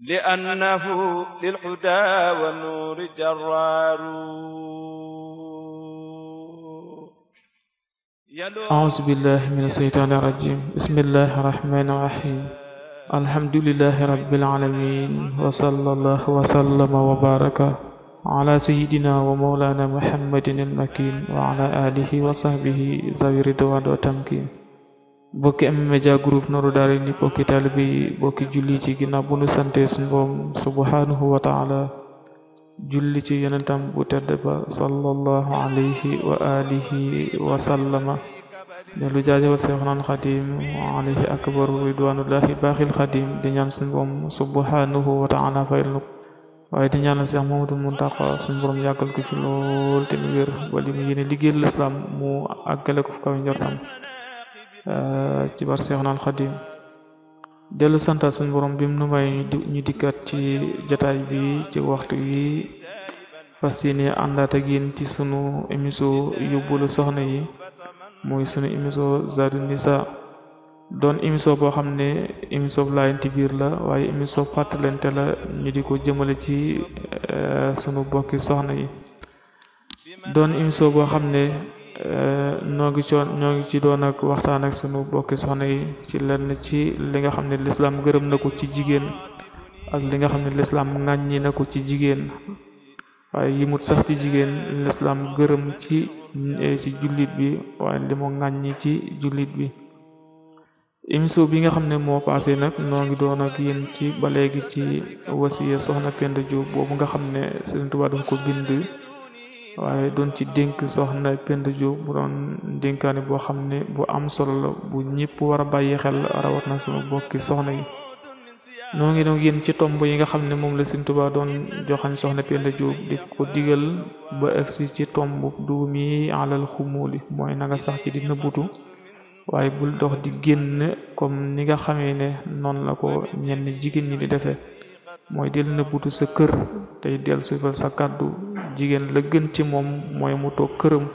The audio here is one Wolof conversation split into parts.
لأنه للحدى والنور جرار أعوذ بالله من الشيطان الرجيم بسم الله الرحمن الرحيم الحمد لله رب العالمين وصلى الله وسلم وبارك على سيدنا ومولانا محمد المكين وعلى آله وصحبه ذوي الرضوان والتمكين bokki M Media Group Nourou Darayni bokki taalibe yi bokki julli ci ginnaaw bu nu sante suñu Boroom subhanahu wa taala julli ci yonentam bu tedd ba sallallahu alayhi wa alihi wa sallama ne lu jaajëfal Seexul Xadim akbaru ridwanullahi baaxil xadim di ñaan suñu Boroom subhanahu wa taala fayal nu waaye di ñaanal Seex Mamadu Muntaxa suñu Boroom yàggal ko fi lool te mu wér ba li mu yéene mu àggale ko fu kaw njortam Euh, ci bar Seexna al Xadim dellu santa suñu borom bi mu nu may ñu dikkat ci jataay bi ci waxtu yi fas yéene àndaat ak ci sunu émission yóbbalu soxna yi muy sunu émission Zaadu Nisa doon émission boo xam ne émission bu laayante biir la waaye émission fàttalante la ñu di ko jëmmale ci euh, sunu bokki soxna yi doon émission boo xam ne Euh, ñoo ngi ci ñoo ngi ci doon ak waxtaan ak sunu bokki soxna yi ci lenn ci li nga xam ne lislaam gërëm na ko ci jigéen ak li nga xam ne lislaam ŋàññi na ko ci jigéen waaye yi mut sax ci jigéen lislaam gërëm ci eh, ci jullit bi waaye li mu ŋàññi ci jullit bi émission bi nga xam ne moo passé nag noo ngi doon ak yéen ci ba léegi ci wasiya soxna Penda boobu nga xam ne Sëriñ Tuubaa doon ko bind waaye doon ci dénk soxna Pend Jóob mu doon dénkaane boo xam ne bu am solo la bu ñëpp war a bàyyi xel rawat na suñu bokki soxna yi noo ngi donc yéen ci tomb yi nga xam ne moom la Sëriñ Tuubaa doon joxañ soxna Pend Jóob di ko digal ba agsi ci tomb duum yi alal xumuuli mooy na nga sax ci di nëbbutu waaye bul dox di génn comme ni nga xamee ne noonu la ko ñenn jigéen ñi di defee mooy del nëbbutu sa kër tey del suufal sa kàddu jigéen la gën ci moom mooy mu toog këram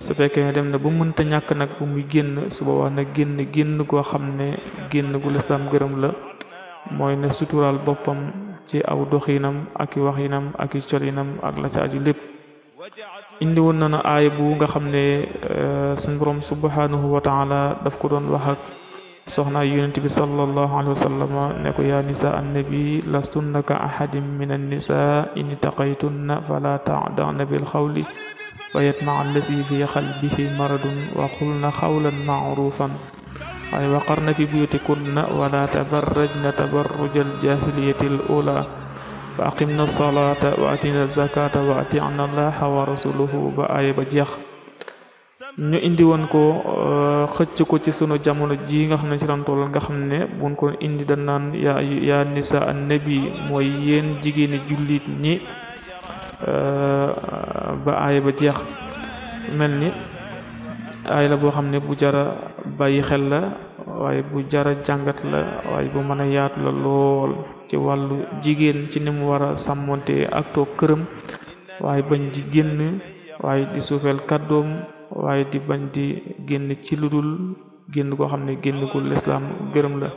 su fekkee ne dem na bu mënta ñàkk nag bu muy génn su boobaa nag génn génn goo xam ne génn gu lislaam gërëm la mooy ne sutural boppam ci aw doxinam ak i waxinam ak i colinam ak la ci aju lépp indi woon na na aay bu nga xam ne eh, suñ borom subhanahu wa la daf ko doon wax ak soxna yonent bi sallallahu alayhi wa sallam ne ko yaa nisa annabi lastunna ka ahadin min annisa in itaqaytunna fala tadana bilxawli fa yatmaa allasi fi qalbihi maradun wa qulna xawlan maarufan waaye waqarna fi buyutikunna wala tabarrajna tabarruja aljaahiliyati al ula fa aqimna salata wa atina zakata wa atina allaha wa rasuluhu ba aaya ba jeex ñu indi woon ko euh, xëcc ko ci sunu jamono ji nga xam ne ci lan nga xam ne buñ ko indi da naan yaa yaa sa annabi mooy yéen jigéeni jullit ñi euh, ba aaya ba jeex mel ni aay la boo xam ne bu jara bàyyi xel la waaye bu jara jàngat la waaye bu mën a yaatu la lool ci wàllu jigéen ci ni mu war a sàmmonte ak toog këram waaye bañ di génn waaye di suufeel kàddoom waaye di bañ di génn ci lu dul génn koo xam ne génn gu lislaam gërëm la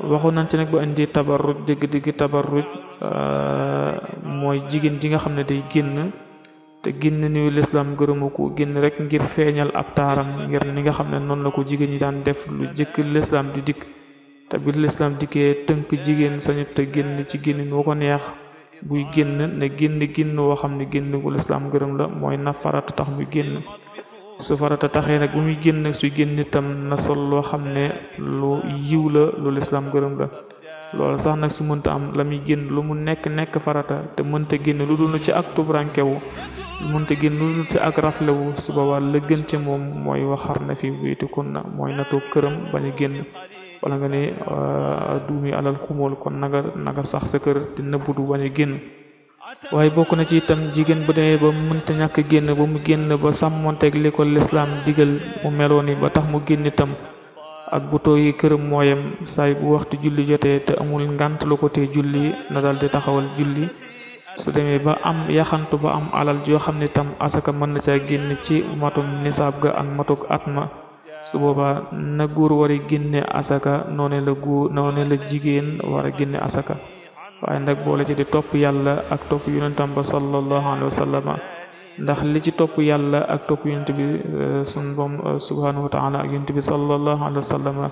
waxoon nañ ci nag ba indi tabarruj dëgg-dëgg tabarruj euh, mooy jigéen ji nga xam ne day génn te génn ni lislaam gërëmu ko génn rek ngir feeñal ab taaram ngir ni nga xam ne noonu la ko jigéen ñi daan def lu jëkk lislaam di dikk te bi lislaam dikkee tënk jigéen sañu te génn ci génn noo ko neex buy génn ne génn génn woo xam ne génn gu lislaam gërëm la mooy na farat tax mu génn su farata taxee nag bu muy génn nag su génn itam na sol loo xam ne lu yiw la lu lislaam gërëm la loolu sax nag su mënta am la muy génn lu mu nekk nekk farata te mënta génn lu dul ci ak tubrankewu mënta génn lu dul ci ak raflewu su boobaa la gën ci moom mooy wax waxar na fi wéetu kun na mooy natoo këram bañ a génn wala nga ne euh, duumi alal xumool kon naga sax sa kër te nëbbutu bañ a génn waaye bokk na ci itam jigéen bu demee ba mënta ñàkk génn ba mu génn ba sàmmonteeg li ko lislaam digal mu meloo ni ba tax mu génn itam ak bu toogee këram mooyam saay bu waxtu julli jotee te amul ngant lu ko tee julli na daal di taxawal julli su demee ba am yaxantu ba am alal joo xam ne tam asaka mën na caa génn ci matum nisaab ga ak matuk at su boobaa na góor war a génne asaka noone la góor noone la jigéen war a génne asaka waaye nag boole ci di topp ak ak topp yonentam ba sallallahu alayhi wa sallama ndax li ci topp yàlla ak topp yonent bi euh, sun boom euh, subhanahu wa taala ak yonent bi sallallahu alayhi wa sallama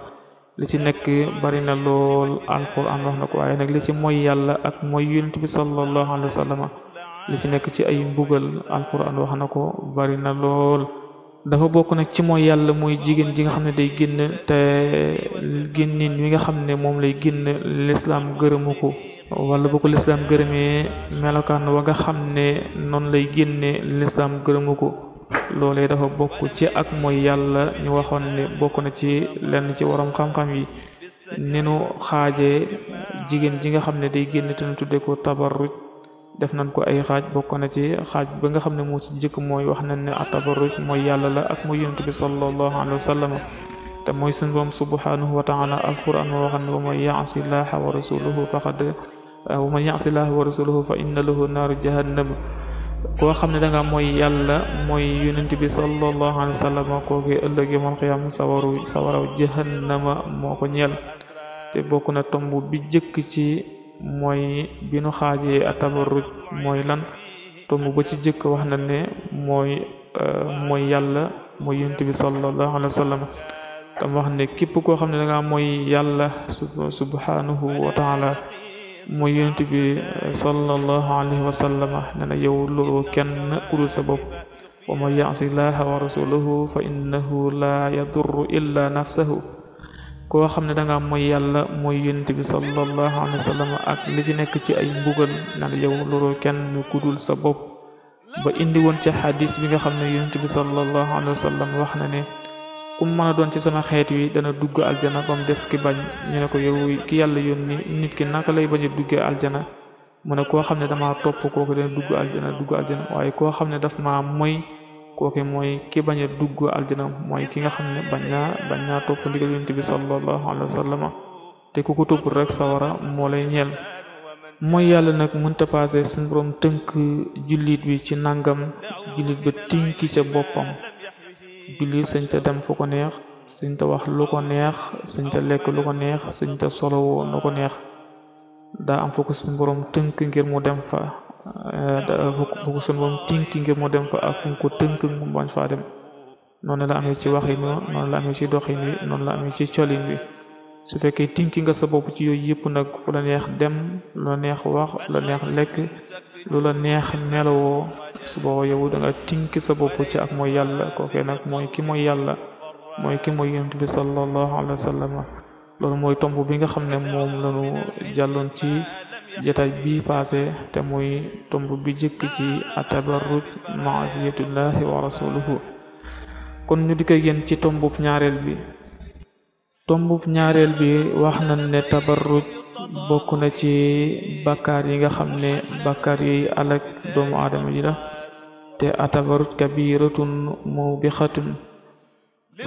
li ci nekk bari na lool alquran wax na ko waaye nag li ci mooy yàlla ak mooy yonent bi sallallahu alayhi wa sallama ci nekk ci ay mbugal alquran wax na ko bari lool dafa bokk nag ci mooy yàlla mooy jigéen ji nga xam ne day génn te génnin wi nga xam ne moom lay génn lislaam gërëmu ko wala bu ko lislaam gërëmee melokaan wa nga xam ne noonu lay génne lislaam gërëmu ko loolee dafa bokk ci ak mooy yàlla ñu waxoon ne bokk na ci lenn ci waroom xam-xam yi ninu xaaje jigéen ji nga xam ne day génn te ñu tudde ko tabarruj def nañ ko ay xaaj bokk na ci xaaj ba nga xam ne moo ci jëkk mooy wax nañ ne atabarruj mooy yàlla la ak mooy yonent bi sallallahu alayhi wa sallam te mooy suñu boom subhanahu wa taala alquran moo waxam ne wa man yaasi laaha wa rasuluhu faqad wa man yaasi laaha wa rasuluhu fa inna lahu naaru jahannam koo xam ne da nga mooy yàlla mooy yonent bi sallallahu alayhi wa sallam kooku ëllëg yawmal qiyaama sawaru sawaraw jahannama moo ko ñeel te bokk na tomb bi jëkk ci mooy bi nu xaajee atabarruj mooy lan to ba ci jëkk wax na ne mooy euh, mooy yàlla mooy yonent bi sallallahu alayhi wa sallam tam wax ne képp koo xam ne da ngaa mooy yàlla subhanahu wa taala mooy yonent bi euh, sallallahu alayhi wa sallam ne ken yow loo sa bopp wa man yaasi laaha wa rasulahu fa innahu la yadurru illa nafsahu koo xam ne danga mooy yàlla mooy yonent bi sallallahu alayhi wa sallam ak li ci nekk ci ay mbugal nag yow loroo kenn ku dul sa bopp ba indi woon ci xadis bi nga xam ne yonent bi sallallahu alayhi wa sallam wax na ne ku mën doon ci sama xeet wi dana dugg aljana ba mu des ki bañ ne ko yow ki yàlla yónni nit ki naka lay bañ a duggee aljana mu ne koo xam ne dama topp kooku dana dugg dugg aljana waaye koo xam ne daf ma moy kooke mooy ki bañ a dugg aljana mooy ki nga xam ne bañ naa bañ naa topp ndigal yonent bi sallallahu alayhi wa te ku ko topp rek sawara moo lay ñeel mooy yàlla nag mënta passé suñ tënk jullit bi ci nangam jullit ba tinki ca boppam jullit sañ ta dem fu ko neex sañ ta wax lu ko neex sañ ta lekk lu ko neex sañ ta solowoo lu ko neex daa am fu ko suñ borom tënk ngir mu dem fa foko eh, sun moom tënk ngir mu dem fa ak fu ko tënk mu bañ faa dem noonu la amee ci waxin wi noonu la amee ci doxin wi noonu la amee ci colin wi su fekkee tinki nga sa bopp ci yooyu yëpp nag fu la neex dem lu neex wax lu la neex lekk lu la neex melowoo su booba yow sa bopp ci ak mooy yàlla kookee nag mooy ki mooy yàlla mooy ki mooy yonent bi sallallahu alayhi wa loolu mooy tomb bi nga xam ne moom lañu jàlloon ci jataay bi paase te muy tomb bi jëkk ci atabarruj maasiyatullahi wa rasuluhu kon ñu dikk yéen ci tombub ñaareel bi tombub ñaareel bi wax nañ ne tabarruj bokk na ci bakkaar yi nga xam ne bakkaar yi alak doomu aadama ji la te atabarruj kabiratun mubixatun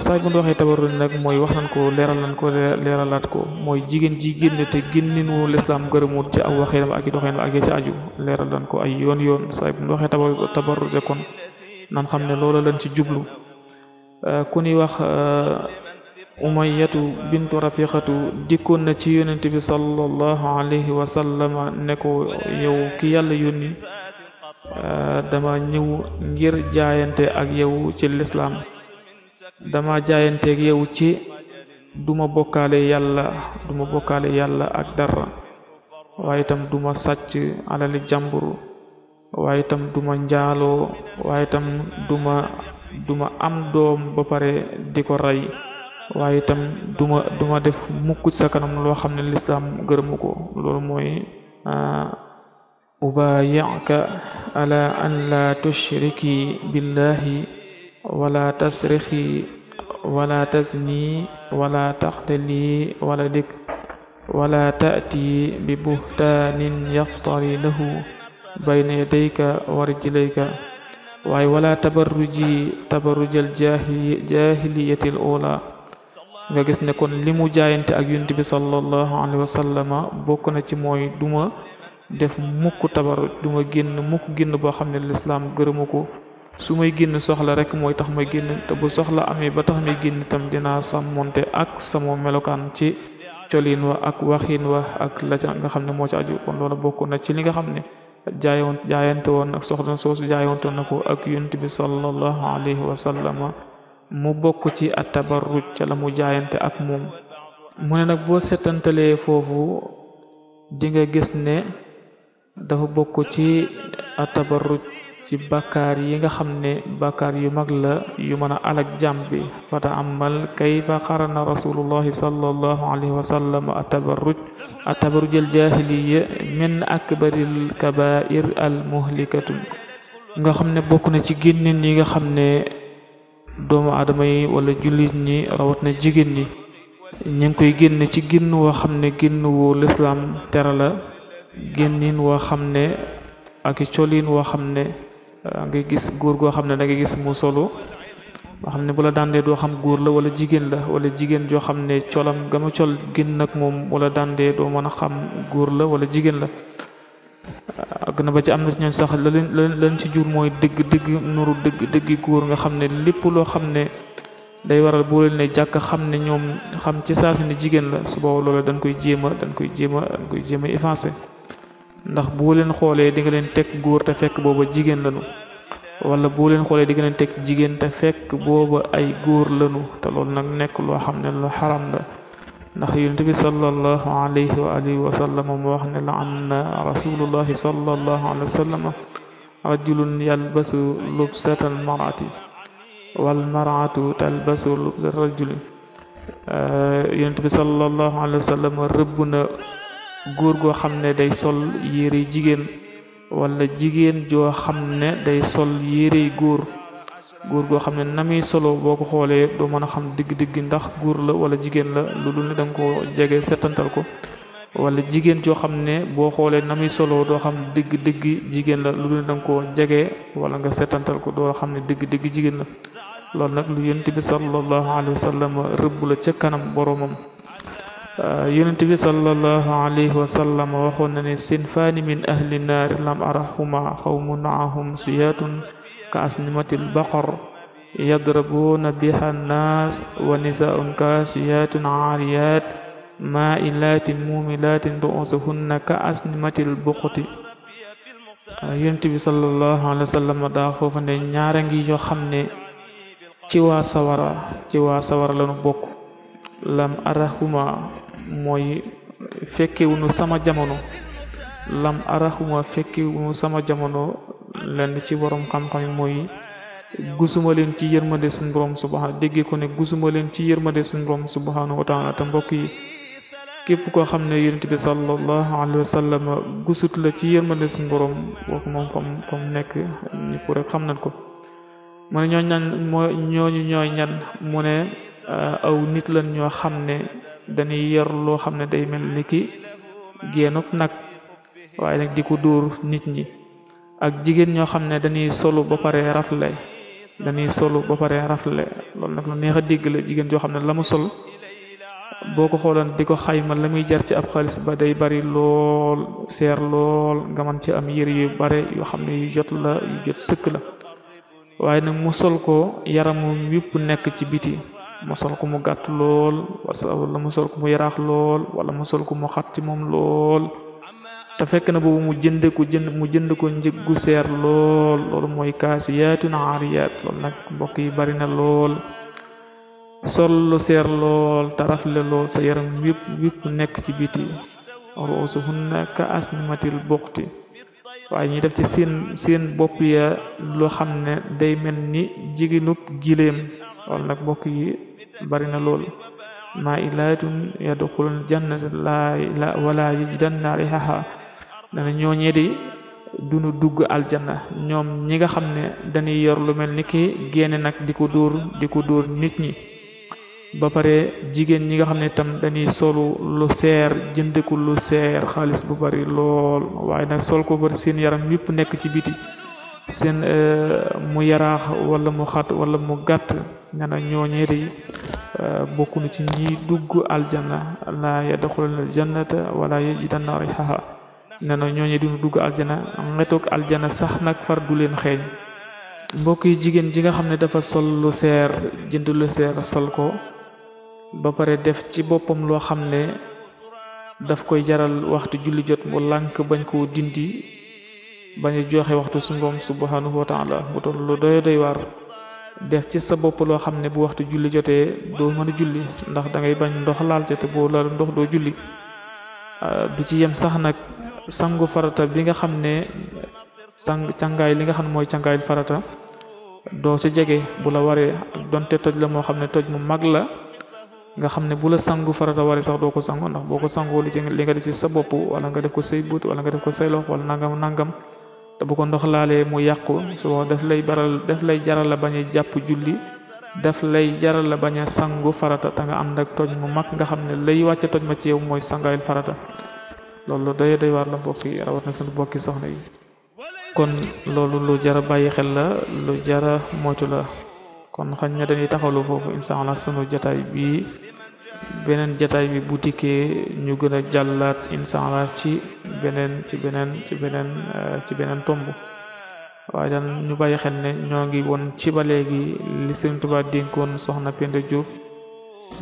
saay bu ñu waxee tabarrujna nag mooy wax nañ ko leeral nañ ko leeralaat ko mooy jigéen ji génn te génninu lislaam gërëmut ci aw waxeenam ak i doxeenam ak ci aju leeral nañ ko ay yoon yoon saay bu ñu waxee tabarruj kon nan xam ne loola lañ ci jublu euh, ku ni wax euh, umayyatu bintu rafiqatu dikkoon na ci yonent bi sallallahu alayhi wa sallam ne ko yow ki yàlla yónni euh, dama ñëw ngir jaayante ak yow ci lislaam dama jaayanteeg yow ci duma bokkaale yàlla duma bokkaale yàlla ak dara waaye itam duma sàcc alali jàmbur waaye itam duma njaaloo waaye itam duma duma am doom ba pare di ko rey waaye itam duma duma def mukk sa loo xam ne lislaam gërëmu ko loolu mooy ubaayaka ala an la billahi wala tasrixi wala tasni wala taxtali wala dik wala taati bi buhtaanin yaftari lahu bayna yadayka wa rijlayka waaye wala tabarruji tabarrujal jahili jahiliyatil ula nga gis ne kon li mu jaayante ak yonent bi sallallahu alayhi bokk na ci mooy duma def mukk tabarruj duma génn mukk génn boo xam ne lislaam gërëmu ko su may génn soxla rek mooy tax may génn te bu soxla amee ba tax may génn itam dinaa sàmmonte ak sama melokaan ci colin wa ak waxin wa ak la nga xam ne moo ci aju kon loolu bokk na ci li nga xam ne jaayoon jaayante woon ak soo soosu jaayante na ko ak yonent bi sallallahu alayhi wa sallama mu bokk ci atabarruj ca la mu jaayante ak moom mu ne nag boo setantalee foofu di nga gis ne dafa bokk ci atabarruj ci bakkaar yi nga xam ne bakkaar yu mag la yu mën a alak jàm bi fa taamal kayfa qarana rasulullahi sallallahu alayhi wa sallam atabarruj atabarruj al jahiliya min akbaril kabair al muhlikatu nga xam ne bokk na ci génneen yi nga xam ne doomu aadama yi wala jullit ñi rawat na jigéen ñi ñu ngi koy génn ci génn woo xam ne génn wu lislaam tera la génnin woo xam ne ak colin woo xam ne nga gis góor goo xam ne da gis mu solo nga xam ne bu la dandee doo xam góor la wala jigéen la wala jigéen joo xam ne colam gama col génn nag moom wala dandee doo mën a xam góor la wala jigéen la ak na ba ci am na ñooñ sax la leen ci jur mooy dëgg dëgg nuru dëgg dëgg góor nga xam ne lépp loo xam ne day waral boo leen ne jàkk xam ne ñoom xam ci saa si ne jigéen la suba loola dañ koy jéem a dañ koy jéem a koy jéem a ndax boo leen xoolee di nga leen teg góor te fekk booba jigéen lañu wala boo leen xoolee di nga leen teg jigéen te fekk booba ay góor lañu te loolu nag nekk loo xam ne lu xaram la ndax yonent bi sallallahu alayhi wa alihi wa sallam moo wax ne la am na rasulullahi sallallahu alayhi wa sallam rajulun yalbasu lubsatal marati wal maratu talbasu lubsat rajuli yonent bi sallallahu alayhi wa sallam rëbb na góor goo xam ne day sol yérey jigéen wala jigéen joo xam ne day sol yérey góor góor goo xam ne na muy solo boo ko xoolee doo mën a xam digg-digg ndax góor la wala jigéen la lu ne da nga ko setantal ko wala jigéen joo xam ne boo xoolee na muy solo doo xam digg-digg jigéen la loolu ne da nga ko jege wala nga setantal ko doo xam ne digg-digg jigéen la loolu nag lu yonent bi sallallahu alayhi wa sallam rëbb la ca kanam boromam Uh, yonent bi sallallahu alayhi wa ne sinfaani min ahli naar lam arahuma xawmun ahum siyaatun ka asnimatil baqar yadrabuuna biha nnaas wa nisaaun kaasiyaatun aariyaat maa'ilaatin muuminaatin ru'usuhunna ka asnimatil buquti uh, yonent bi sallallahu alayhi wa ne ñaara ngi yoo xam ne ci waa sawara ci waa sawara lanu bokk lam arahuma mooy fekkewunu sama jamono lam arahuma fekkewunu sama jamono lenn ci borom xam-xam yi mooy gusuma leen ci yërmande suñu borom subhanahu déggee ko ne gusuma leen ci yërmande suñu borom subhanahu wa taala te mbokk yi képp koo xam ne yonent bi sallallahu alayhi wa gusut la ci yërmande suñu borom booku moom fam fam nekk rek xam nañ ko mu ne ñooñ ñan moo ñan mu ne Euh, aw nit lañ ñoo xam ne dañuy yor loo xam ne day mel ni ki génnub nag waaye nag di ko dóor nit ñi ak jigéen ñoo xam ne dañuy solu ba pare rafle dañuy solu ba pare rafle loolu nag lu neex a dégg la jigéen joo xam ne la mu sol boo ko xoolan di ko xayma la muy jar ci ab xaalis ba day bari lool seer lool nga mën ci am yére yu bare yoo xam ne yu jot la yu jot sëkk la waaye nag mu sol ko yaramam yëpp nekk ci biti mosol ko mu gàtt lool wala mu ko mu yaraax lool wala mu ko mu xat ci moom lool te fekk na boobu mu jënd ko jënd mu jënd ko njëg gu seer lool loolu mooy kaasiyaatun aariyaat loolu nag mbokk yi bari na lool sol lu seer lool tarafle lool sa yaram yëpp yëpp nekk ci biti ruusuhunna ka asnimatil buxti waaye ñu def ci seen seen bopp ya loo xam ne day mel ni jigéenub giléem loolu nag mbokk yi bari na lool ma'ilatun yadkhulul jannata la wala yajidanna rihaha dana ñooñee di duñu dugg aljanna ñoom ñi nga xam ne dañuy yor lu mel ni ki génne nag di ko dóor di ko dóor nit ñi ba pare jigéen ñi nga xam ne tam dañuy solu lu seer jënd ko lu seer xaalis bu bari lool waaye nag sol ko bari seen yaram yëpp nekk ci biti seen eh, mu yaraax wala mu xat wala mu gàtt nga ne ñooñee day eh, bokk ci ñiy dugg aljanna laa yadxuluna aljannata wala yajidanna rihaha ne na ñooñee duñu dugg aljana ngetoog aljana sax nag far du leen xeeñ mbokk yi jigéen ji nga xam ne dafa sol lu seer jënd lu seer sol ko ba pare def ci boppam loo xam ne daf koy jaral waxtu julli jot mu lànk bañ koo dindi bañu joxe waxtu suñu borom subhanahu wa taala mu doon lu doy doy def ci sa bopp loo xam ne bu waxtu julli jotee doo mën a julli ndax da ngay bañ ndox laal ca te boo doo julli ah, du ci yem sax nag sangu farata bi nga xam ne sang càngaay li nga xam ne mooy càngaayil farata doo ci jege bu la waree ak donte toj la moo xam ne toj mu mag la nga xam ne bu la sangu farata waree sax doo ko sangu ndax boo ko sangoo li nga def ci sa bopp wala nga def ko say buut wala nga def ko say loxo wala nangam nangam te bu ko ndox laalee mu yàqu suba daf lay baral daf lay jaral la bañ jàpp julli daf lay jaral la bañ sangu farata te nga ànd ak toj mu mag nga xam ne lay wàcce toj ma ci yow mooy sangaayil farata loolu doy doy waar la mbokk yi rawat na suñu bokki soxna yi kon loolu lu jara bàyyi xel la lu jara moytu la kon xañ na dañuy taxawlu foofu insha Allah sunu jataay bii beneen jataay bi bu dikkee ñu gën a jàllaat insha Allah ci beneen ci beneen ci beneen euh, ci beneen tomb waaye daan ñu bàyyi xel ne ñoo ngi woon ci ba léegi li Sëriñ Tuubaa dénkoon soxna Penda Diop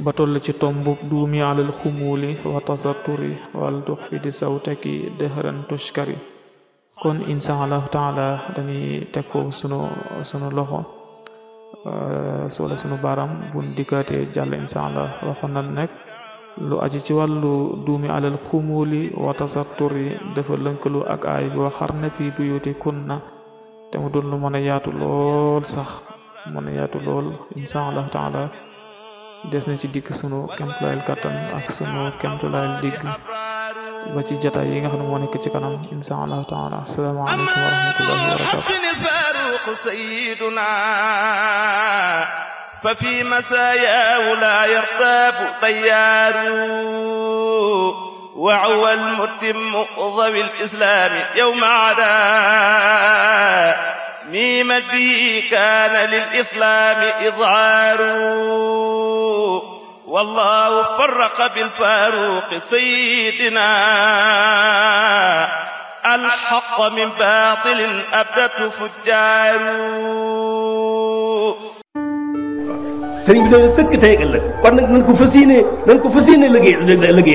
ba toll ci tomb duumi alal xumuuli wa tasaturi wal dux fi di saw sawtaki dëhëran tushkari kon insha Allah taala dañuy teg ko sunu sunu loxo Euh, soola sunu baaraam bu dikkaatee jàll insha allah waxoon na nekk lu aji ci wàllu duumi alal xumuuli wa tasattur yi dafa lënkalu ak ay boo xar na fii buyuti kunna te mu doon lu mën a yaatu lool sax mën a yaatu lool insha allah taala des na ci dikk sunu kemtulayel kattan ak sunu kemtulayel digg ba ci jataay yi nga xam ne moo nekk ci kanam insha allah taala asalaamaaleykum wa rahmatullahi wa barakatu يرزق سيدنا ففي مساياه لا يرتاب طيار وعوى المتم ضوي الإسلام يوم عدا ميم به كان للإسلام إظهار والله فرق بالفاروق سيدنا الحق من باطل أبدته فجار sëriñ bi de sëkk tey ak ëllëg kon nag nañ ko fas yéene nañ ko fas yéene liggéey liggéey